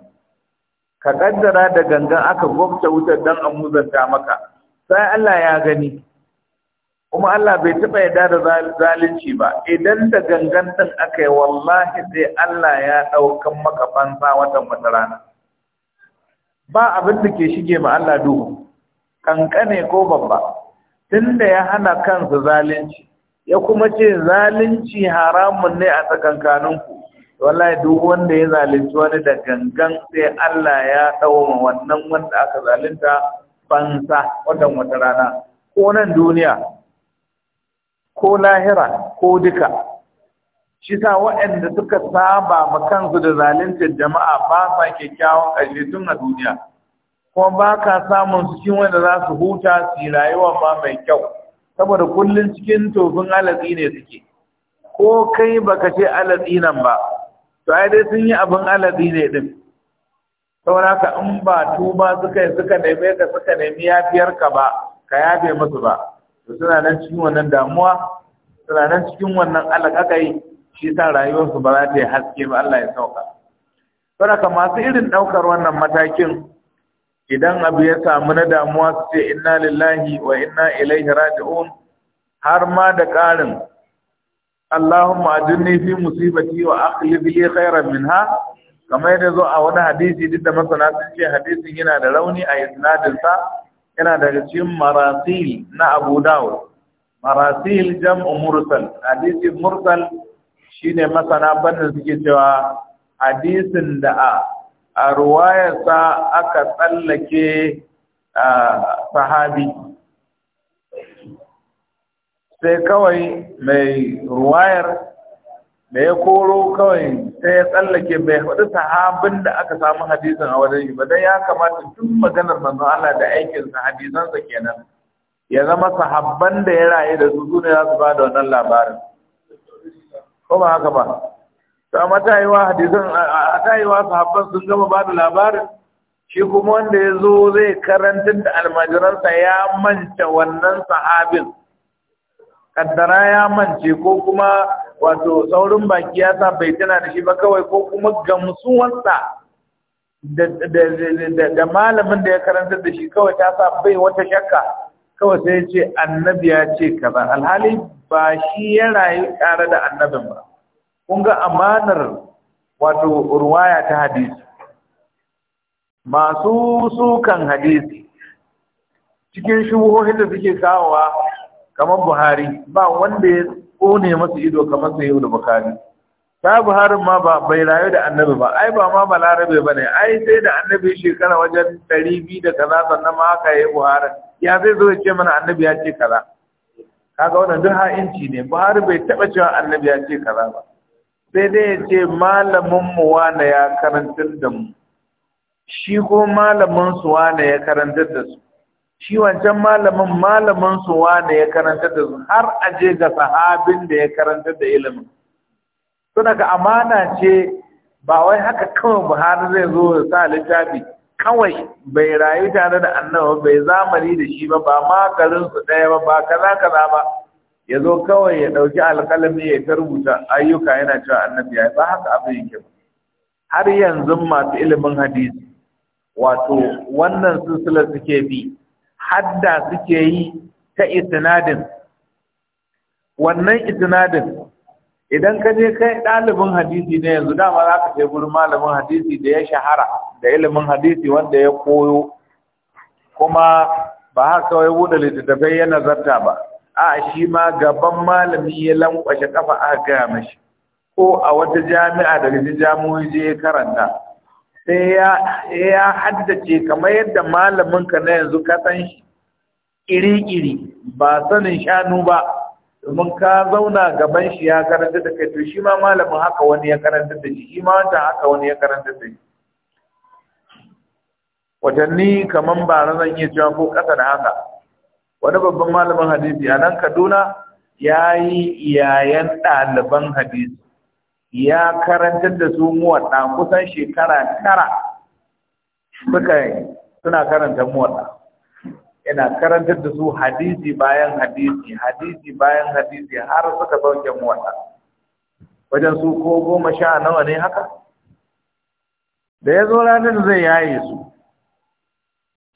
ka kaddara da gangan aka gwabta wutar dan a maka sai Allah ya gani kuma Allah bai taɓa yarda da zalunci ba idan da gangan din aka yi wallahi sai Allah ya ɗaukan maka fansa watan wata rana ba abin da ke shige ma Allah duhu kankane ko babba tunda ya hana kansa zalunci ya kuma ce zalunci haramun ne a tsakankaninku wallahi duk wanda ya zalunci wani da gangan sai Allah ya ɗauma wannan wanda aka zalunta fansa watan wata rana ko nan duniya ko lahira ko duka shi sa waɗanda suka saba ma kansu da zaluntar jama'a ba sa kyakkyawan ƙarfi tun a duniya kuma ba ka samun su cikin wanda za su huta su yi rayuwa ma mai kyau saboda kullum cikin tofin alatsi ne suke ko kai baka ce alatsi nan ba to ai dai sun yi abin alatsi ne din saboda haka in ba tuba suka yi suka neme ka suka nemi yafiyarka ba ka yafe musu ba to suna nan cikin wannan damuwa suna nan cikin wannan alakakai shi sa rayuwarsu ba za ta yi haske ba Allah ya sauka saboda masu irin ɗaukar wannan matakin idan abu ya samu na damuwa su ce inna lillahi wa inna ilaihi raji'un har ma da ƙarin Allahumma ajinni fi musibati wa akhlif li khairan minha kamar yadda zo a wani hadisi duk da masana sun ce hadisin yana da rauni a isnadin sa yana daga cikin marasil na Abu dawo marasil jam mursal hadisi mursal shine masana bannin suke cewa hadisin da a ruwayarsa aka tsallake sahabi sai kawai mai ruwayar da ya koro kawai sai ya tsallake bai haɗu sahabin da aka samu hadisin a wajen shi ba ya kamata tun maganar manzo Allah da aikin sa kenan ya zama sahabban da ya rayu da su su ne za su ba da wannan labarin ko ba haka ba to amma ta yi wa hadisan ta yi wa sahabban sun gama ba da labarin shi kuma wanda ya zo zai karantar da almajiransa ya manta wannan sahabin kaddara ya mance ko kuma wato saurin baki ya sa bai tana da shi ba kawai ko kuma gamsuwansa da malamin da ya karanta da shi kawai ta sa bai wata shakka kawai sai ce annabi ya ce kaza alhali ba shi ya rayu tare da annabin ba kun ga amanar wato ruwaya ta hadisi masu sukan hadisi cikin shubuhohin da suke kawowa kamar buhari ba wanda ya kone masa ido kamar sai yau da bukari ta buharin ma ba bai rayu da annabi ba ai ba ma balarabe ba ne ai sai da annabi shekara wajen ɗari biyu da kaza sannan ma haka ya yi buharin ya zai zo ya ce mana annabi ya ce kaza kaga wannan duk ha'inci ne buhari bai taɓa cewa annabi ya ce kaza ba sai dai ya ce malamin mu wane ya karantar da mu shi ko malamin su wane ya karantar da su shi wancan malamin malamin su wane ya karanta da su har aje ga sahabin da ya karanta da ilimin to daga amana ce ba wai haka kawai buhari zai zo da sa littafi kawai bai rayu tare da annabi bai zamani da shi ba ba ma garin su ɗaya ba ba kaza kaza ba ya zo kawai ya dauki alƙalami ya ta rubuta ayyuka yana cewa annabi ya ba haka abin yake ba har yanzu masu ilimin hadisi wato wannan silsilar suke bi hadda suke yi ta isnadin wannan isnadin idan ka je kai ɗalibin hadisi ne yanzu dama za ka sai gurin malamin hadisi da ya shahara da ilimin hadisi wanda ya koyo kuma ba haka kawai buɗe littattafai ya nazarta ba a shi ma gaban malami ya lankwashe kafa a gaya mashi ko a wata jami'a da cikin jami'o'i je ya karanta sai ya haddace kamar yadda malaminka na yanzu kasan shi iri-iri ba sanin shanu ba domin ka zauna gaban shi ya karanta da kai to shi ma malamin haka wani ya karanta da shi shi ma wancan haka wani ya karanta da shi watanni kamar bara zan iya cewa ko ƙasa da haka wani babban malamin hadisi a nan kaduna ya yi iyayen ɗaliban hadisi ya karantar da su muwaɗa kusan shekara tara suka suna karanta muwaɗa yana karantar da su hadisi bayan hadisi hadisi bayan hadisi har suka sauke muwaɗa wajen su ko goma sha nawa ne haka da ya zo ranar zai yaye su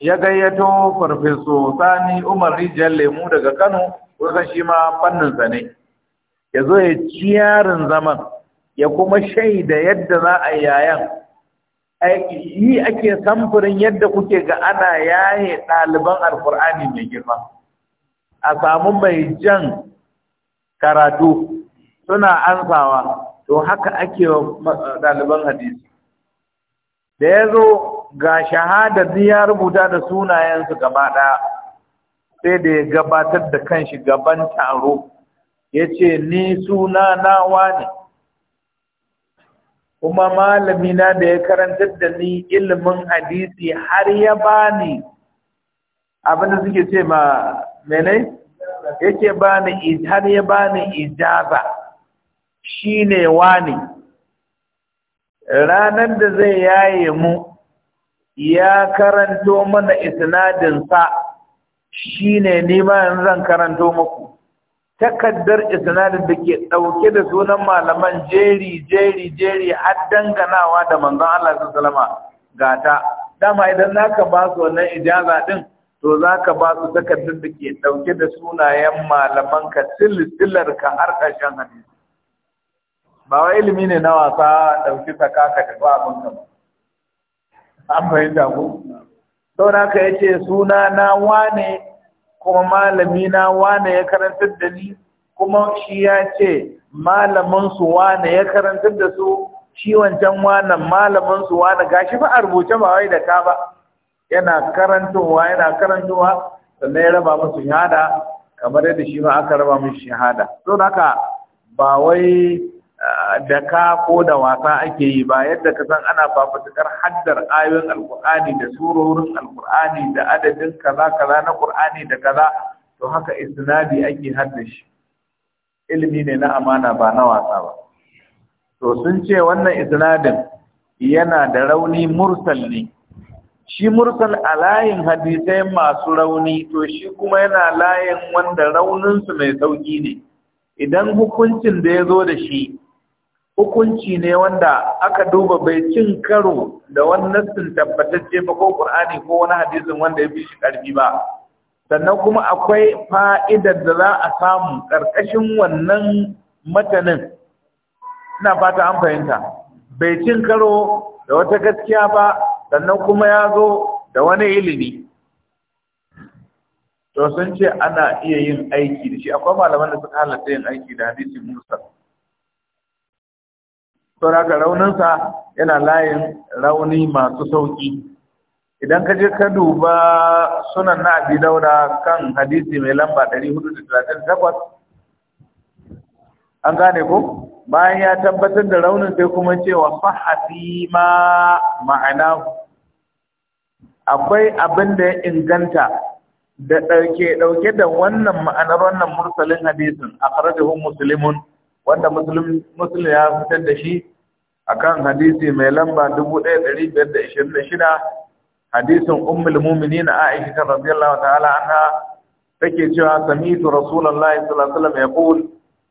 ya gayyato farfeso sani umar rijiyar lemu daga kano kusan shi ma fanninsa ne ya zo ya ciyarin zaman ya kuma shaida yadda za a yayan yi ake samfurin yadda kuke ga ana yaye ɗaliban alkur'ani mai girma a samu mai jan karatu suna ansawa to haka ake wa ɗaliban hadisi da ya zo ga shahadar ya rubuta da sunayensu gaba ɗaya sai da ya gabatar da kanshi gaban taro ya ce ni suna nawa ne kuma malamina da ya karantar da ni ilimin hadisi har ya bani abinda suke ce ma mene yake bani har ya bani ijaba shine wani ranar da zai yaye mu ya karanto mana isnadin sa shine yanzu zan karanto muku takaddar isnadin da ke ɗauke da sunan malaman jeri jeri jeri har danganawa da manzon Allah ga gata dama idan zaka ba su wannan ijaza din to zaka ba su takaddar da ke ɗauke da sunayen malaman ka silsilar ka har ƙarshen hadisi ba wai ilimi ne na wasa ɗauki saka ka tafi abin ka an fahimta ko saboda haka yace suna na wane kuma malami na wane ya karantar da ni kuma shi ya ce malamin su wane ya karantar da su shi wancan wanan malamin su wane gashi ba a rubuce ba wai da ka ba yana karantowa yana karantowa sannan ya raba musu shahada kamar yadda shi ma aka raba musu shahada don haka ba wai Daka ko da wasa ake yi ba yadda ka san ana fafutukar haddar ayoyin alkur'ani da surorin alkur'ani da adadin kaza kaza na ƙur'ani da kaza to haka isnadi ake hadda shi ilimi ne na amana ba na wasa ba to sun ce wannan isnadin yana da rauni mursal ne shi mursal a layin hadisai masu rauni to shi kuma yana layin wanda rauninsu mai sauki ne idan hukuncin da ya zo da shi hukunci ne wanda aka duba bai cin karo da wannan sun tabbatacce ba ko Al-ƙur'ani ko wani hadisin wanda ya fi shi karfi ba sannan kuma akwai fa'idar da za a samu ƙarƙashin wannan matanin ina fata an fahimta bai cin karo da wata gaskiya ba sannan kuma ya zo da wani ilimi to sun ce ana iya yin aiki da shi akwai malaman da suka halatta yin aiki da hadisin Musa? sauraka rauninsa yana layin rauni masu sauki idan ka je ka duba sunan na abi daura kan hadisi mai lamba 438 an gane ko bayan ya tabbatar da raunin sai kuma cewa fahasi ma ma'ana akwai abin da ya inganta da ɗauke ɗauke da wannan ma'anar wannan mursalin hadisin a farajahun musulmin wanda musulun ya fitar da shi akan hadisi mai lamba 1526 hadisin ummul mu'minin Aisha radhiyallahu ta'ala anha take cewa sami'tu rasulullahi sallallahu alaihi wasallam yaqul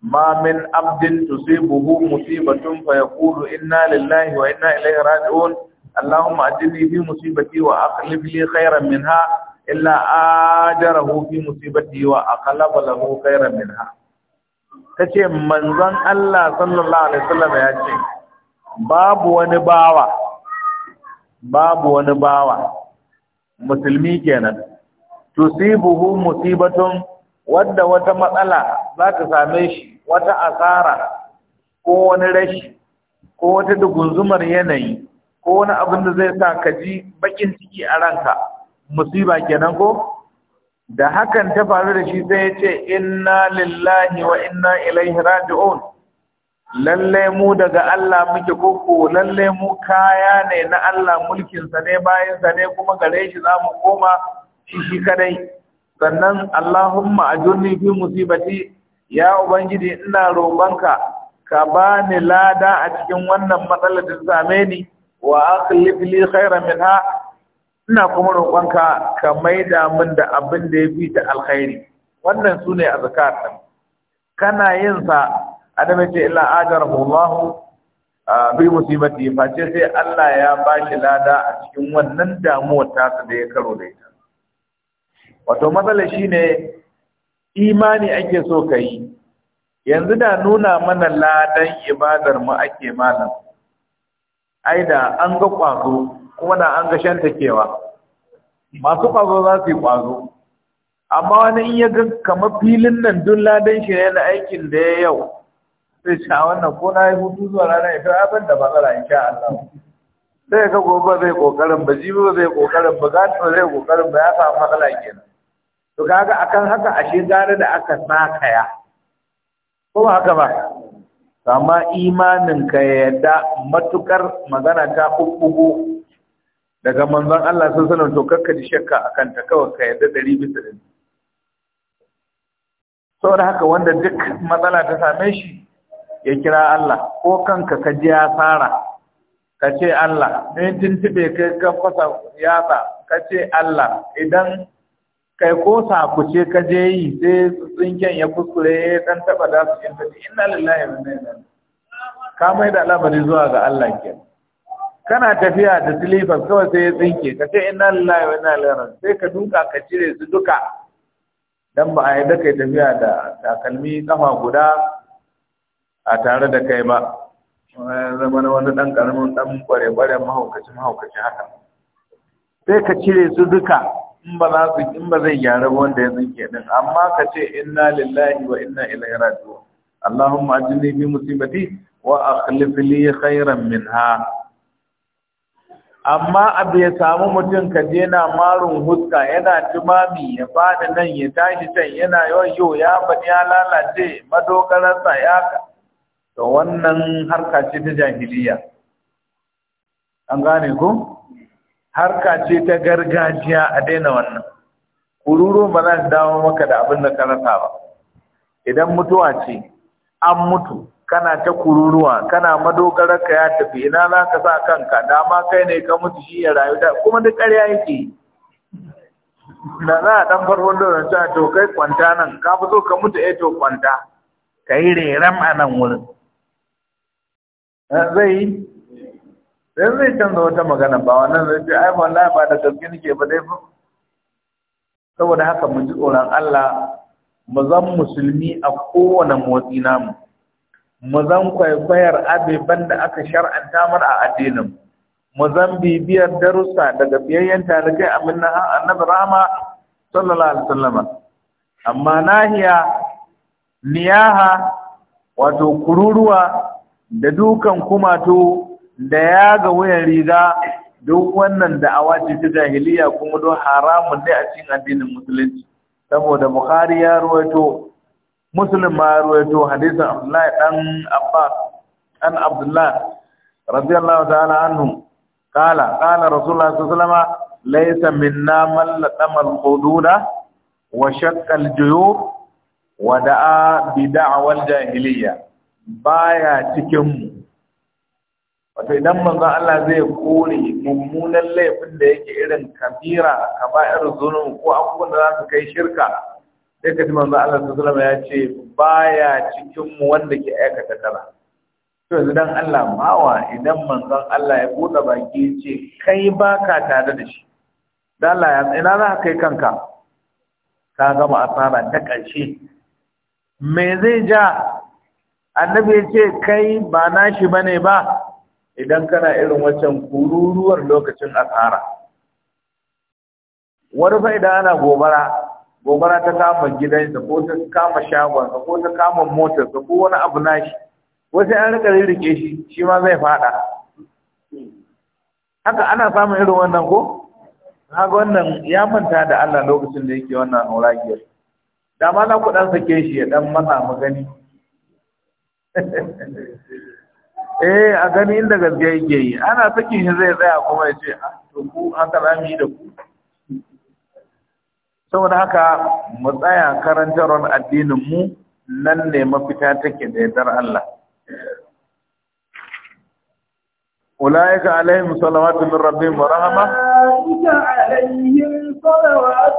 ma min abdin tusibuhu musibatun fa kulu, inna lillahi wa inna ilayhi raji'un اللهم اجرني في مصيبتي واخلف لي خيرا منها الا اجره في مصيبتي واخلف له خيرا منها ta ce manzon Allah sallallahu alaihi wasallam ya ce babu wani bawa babu wani bawa musulmi kenan tusibuhu musibatun wadda wata matsala za ta same shi wata asara ko wani rashi ko wata dugunzumar yanayi ko wani abin da zai sa ka ji bakin ciki a ranka musiba kenan ko da hakan ta faru da shi sai ya ce inna lillahi wa inna ilaihi raji'un lalle mu daga Allah muke koko lalle mu kaya ne na Allah mulkin sa ne bayan sa ne kuma gare shi zamu koma shi shi kadai sannan Allahumma ajurni fi musibati ya ubangiji ina roƙonka ka ba ni lada a cikin wannan matsalar da same ni wa akhlif li khairan minha ina kuma roƙonka ka maida min da abin da ya fi ta alkhairi wannan su ne azkar kana yin sa adam ce illa ajarahu Allah bi musibati ce sai Allah ya ba shi lada a cikin wannan ta su da ya karo da ita wato matsala shine imani ake so ka yi yanzu da nuna mana ladan ibadar mu ake malam ai da an ga kwazo kuma da an ga kewa masu kwazo za su yi kwazo amma wani in ya ga kamar filin nan dun ladan shi ne na aikin da ya yau sai sha wannan ko na yi hutu zuwa ranar ya fi abin da matsala in sha Allah sai ga gobe zai kokarin ba jibi ba zai kokarin ba gata zai kokarin ba ya samu matsala kenan to kaga akan haka ashe gare da aka sakaya ko ba haka ba amma imanin ka yadda matukar magana ta kubbugo daga manzon Allah sun sanar to karka ji shakka akan ta kawai ka yadda dari bisa dari saboda haka wanda duk matsala ta same shi ya kira Allah ko kanka ka ji ya tsara, ka ce Allah ne tuntube kai ka fasa yasa ka ce Allah idan kai ko ce ka je yi sai tsinken ya kuskure ya dan taba da su inna lillahi wa inna ilaihi ka mai da al'amari zuwa ga Allah kenan kana tafiya da silifas kawai sai ya tsinke ka ce ina lillahi wa inna ilaihi sai ka duka ka cire su duka dan ba a yi kai tafiya da takalmi kafa guda a tare da kai ba zama na wani dan karamin dan kware-kware mahaukaci mahaukaci haka sai ka cire su duka in ba za su in ba zai gyara wanda ya tsinke din amma ka ce inna lillahi wa inna ilaihi raji'un اللهم bi musibati wa واخلف لي خيرا منها amma abu ya samu mutum ka je na marun huska yana tumami ya faɗi nan ya tashi can yana yoyo ya bani ya lalace madogararsa ya to wannan harka ce ta jahiliya an gane ku harka ce ta gargajiya a daina wannan kururu ba za su dawo maka da abin da ka rasa ba idan mutuwa ce an mutu kana ta kururuwa kana madogarar ka ya tafi ina za ka sa kanka dama kai ne ka mutu shi ya rayu da kuma duk ƙarya yake da za a ɗan farko da zancen to kai kwanta nan ka fi so ka mutu eh to kwanta ka yi reram a nan wurin eh, zai yi sai zai canza wata magana ba wannan zai ce ai wallahi ba da gaske nake ba dai ba saboda haka mu ji tsoron Allah mu zan musulmi a kowane motsi namu mu zan kwaikwayar abin da aka shar'anta mana a addinin mu zan bibiyar darussa daga biyayyen tarikai abin na annabi rama sallallahu alaihi wasallam amma nahiya niyaha wato kururuwa da dukan kumato da ya ga wuyan riga duk wannan a ce ta jahiliya kuma don haramun ne a cikin addinin musulunci saboda bukhari ya ruwaito مسلم ما رويته hadisin abdullahi الله بن عباس abdullah عبد الله رضي الله تعالى عنه قال قال رسول الله صلى الله عليه وسلم ليس منا من لطم wa da'a ودعا بدعوى jahiliyya baya cikin mu wato idan manzo Allah zai kore mummunan laifin da yake irin kabira kaba'ir zulum ko abubuwan da za su kai shirka sai ka ji manzo Allah sallallahu ya ce baya cikin mu wanda ke aikata kaza to yanzu dan Allah mawa idan manzon Allah ya bude baki ya ce kai baka tare da shi dan Allah ya ina za kai kanka ka gama asara ta ƙarshe me zai ja annabi ya ce kai ba nashi bane ba idan kana irin wancan kururuwar lokacin asara wani fa'ida idan ana gobara gobara ta kama gidansa ko ta kama shagonsa ko ta kama motarsa ko wani abu nashi wasu an rika rirrike shi shi ma zai fada haka ana samun irin wannan ko haka wannan ya manta da Allah lokacin da yake wannan auragiyar da ma za ku dan sake shi ya dan matsa mu gani eh a gani inda gaske yake yi ana sakin shi zai tsaya kuma ya ce ah, to ku haka za mu yi da ku saboda haka mu tsaya karantarwar addinin mu nan ne mafita take da yardar Allah أولئك عليهم صلوات من ربهم ورحمة أولئك ulaika صلوات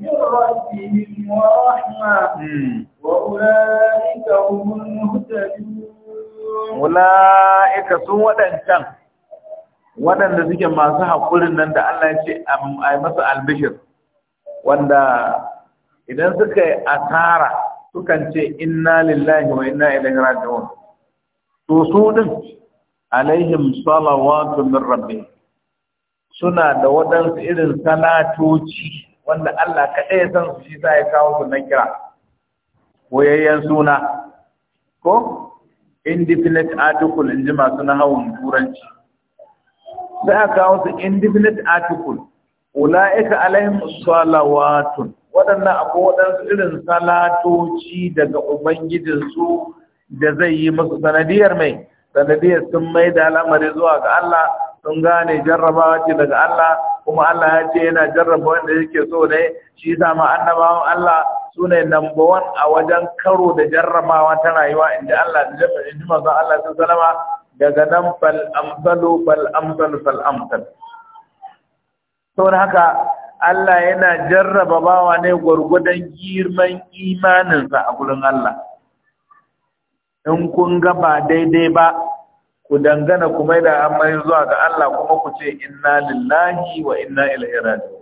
من ربهم ورحمة وأولئك هم المهتدون أولئك سوى waɗanda suke masu haƙurin nan da Allah ya ce yi albishir wanda idan suka yi asara sukan ce inna lillahi wa inna ilaihi raji'un to su din alaihim salawatu min rabbi, suna da wadansu irin salatoci wanda Allah kaɗai ya san su shi sa ya kawo su na kira koyayyen suna ko indefinite article in ji masu nahawun turanci sai a kawo su indefinite article ula'ika alaihim salawatun waɗannan abu irin salatoci daga ubangijinsu da zai yi musu sanadiyar mai sanadiyar sun mai da al'amari zuwa ga Allah sun gane jarrabawa ce daga Allah kuma Allah ya ce yana jarraba wanda yake so ne shi yasa ma annabawan Allah su ne number one a wajen karo da jarrabawa ta rayuwa inda Allah da jama'a inda Allah sallallahu alaihi daga nan fal amsalu fal amsalu fal amsal saboda haka Allah yana jarraba bawa ne gwargwadon girman imaninsa a gurin Allah in kun ga ba daidai ba ku dangana ku mai da amai zuwa ga Allah kuma ku ce inna lillahi wa inna ilaihi raji'un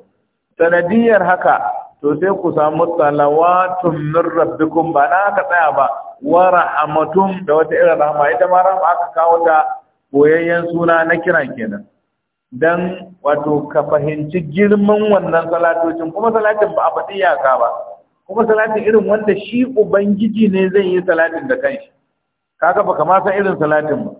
sanadiyar haka to sai ku samu salawatun min rabbikum ba na aka tsaya ba wa rahamatun da wata irin rahma ita ma rahma aka kawo ta boyayyen suna na kiran kenan dan wato ka fahimci girman wannan salatocin kuma salatin ba a faɗi iyaka ba kuma salatin irin wanda shi ubangiji ne zai yi salatin da kanshi kaga baka ma san irin salatin ba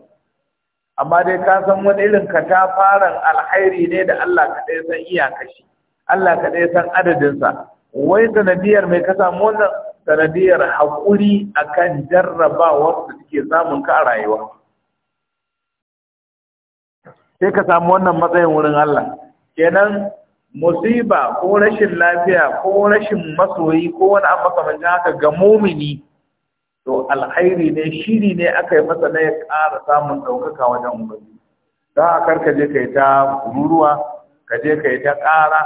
amma dai ka san wani irin ka ta fara alkhairi ne da Allah ka dai san iyaka shi Allah ka dai san adadinsa wai sanadiyar mai ka samu wannan sanadiyar haƙuri akan jarrabawar da suke samun ka a rayuwa sai ka samu wannan matsayin wurin Allah kenan musiba ko rashin lafiya ko rashin masoyi ko wani abu kamar haka ga mumini to alkhairi ne shiri ne aka yi masa na ya ƙara samun ɗaukaka wajen ubangi don a karka je ka yi ta ruruwa ka je ka ta ƙara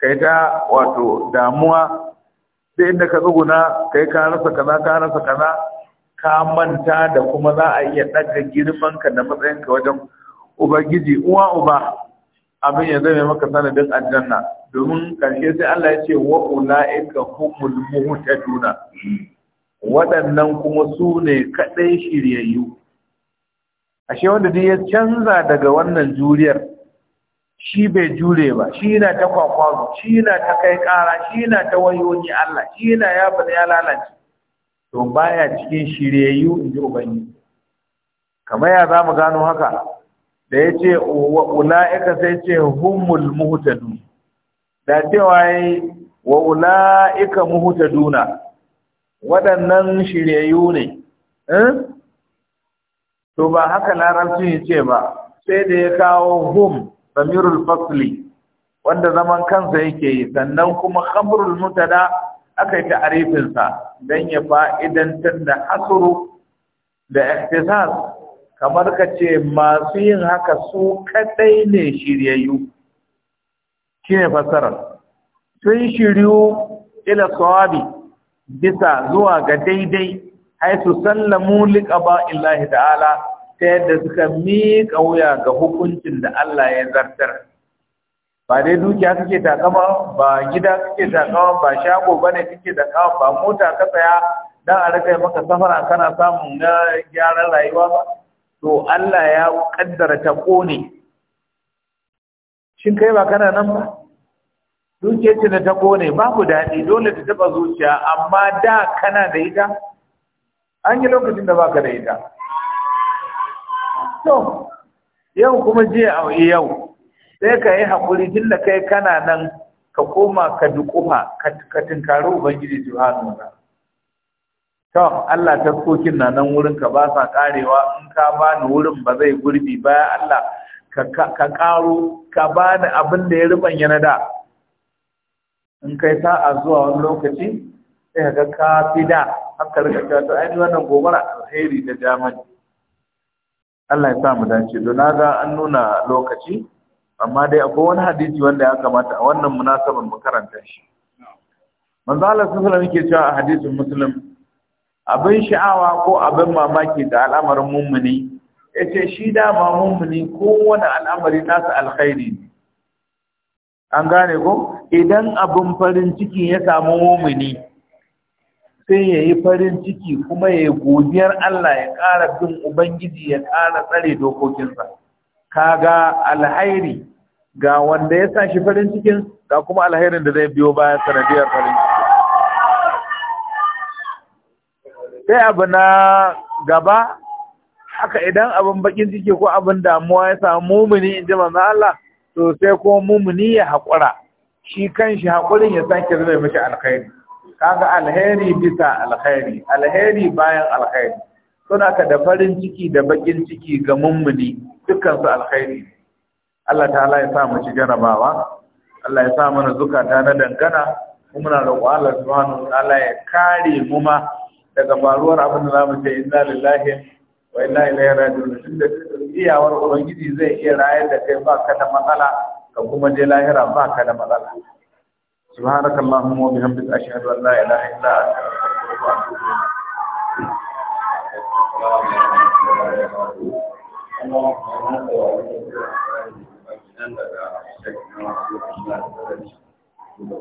ka ta wato damuwa sai inda ka tsuguna ka ka rasa kaza ka rasa kaza ka manta da kuma za a iya ɗaga girmanka da matsayinka wajen ubangiji uwa uba abin ya zame maka sanadin aljanna domin karshe sai Allah ya ce wa ulaika humul muhtaduna waɗannan kuma su ne kaɗai shiryayyu ashe wanda duk ya canza daga wannan juriyar shi bai jure ba shi na ta kwakwazo shi na ta kai ƙara shi na ta wayoyi Allah shi na ya bada ya lalace to baya cikin shiryayyu in ji ubangiji kamar ya za mu gano haka da ya ce wa ula'ika sai ce humul muhtadu da cewa yi wa ula'ika muhtaduna waɗannan shiryayyu ne eh? to ba haka larabci ya ce ba sai da ya kawo hum samirul fasli wanda zaman kansa yake yi sannan kuma khabrul mutada aka yi ta'arifinsa don ya fa'idantar da hasuru da ihtisas kamar ka ce masu yin haka su kadai ne shiryayyu shi ne fasarar sun shiryu ila sawabi bisa zuwa ga daidai haisu sallamu liƙaba, illahi ta'ala ta yadda suka miƙa wuya ga hukuncin da Allah ya zartar ba dai dukiya suke takama ba gida suke takama ba shago ne suke takama ba mota ka tsaya don a rika maka safara kana samun na gyaran rayuwa ba to Allah ya kaddara ta kone shin kai ba kana nan ba dukiyar ce da ta kone babu daɗi dole ta taba zuciya amma da kana da ita an yi lokacin da baka da ita to yau kuma jiya a yau sai ka yi haƙuri tun da kai kana nan ka koma ka duƙufa ka tinkari ubangiji subhanahu wa ta'ala to Allah taskokin na nan wurin ka ba sa karewa in ka bani wurin ba zai gurbi ba Allah ka karo ka bani abin da ya rubanya na da in kai a zuwa wani lokaci sai ga ka fi da haka rika cewa to ai wannan gobara alheri da dama Allah ya sa mu dace don ga an nuna lokaci amma dai akwai wani hadisi wanda ya kamata a wannan munasabar mu karanta shi manzo Allah sallallahu alaihi wasallam cewa a hadisin muslim abin sha'awa ko abin mamaki da al'amarin mummuni ya ce shi dama mummuni kowane al'amari nasu alkhairi ne an gane ko idan abin farin ciki ya samu mummuni sai ya yi farin ciki kuma ya yi godiyar Allah ya ƙara bin Ubangiji ya ƙara tsare dokokinsa kaga alhairi ga wanda ya sa shi farin cikin ga kuma alhairin da zai biyo bayan sanadiyar farin sai abu na gaba haka idan abin bakin ciki ko abin damuwa ya samu mumuni in ji manzon Allah to sai ko mumuni ya haƙura shi kan shi haƙurin ya sake zai mishi alkhairi kaga alheri bisa alkhairi alheri bayan alkhairi suna ka da farin ciki da bakin ciki ga mummuni dukkan su alkhairi Allah ta'ala ya sa mu ci jarabawa Allah ya sa mana zukata na dangana kuma na roƙo Allah subhanahu wa ta'ala ya kare mu ma daga faruwar abin da za mu ce inna lillahi wa inna ilaihi raji'un tunda iyawar ubangiji zai iya rayar da kai ba ka da matsala ka kuma je lahira ba ka da matsala subhanakallahumma wa bihamdika ashhadu an la ilaha illa anta astaghfiruka wa atubu ilaik Allah'a emanet olun. Na'am.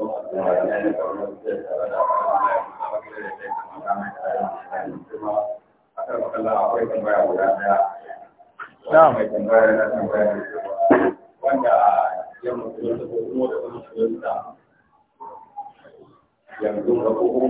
Wanda ya mutu da kuma da kuma yanzu da kuma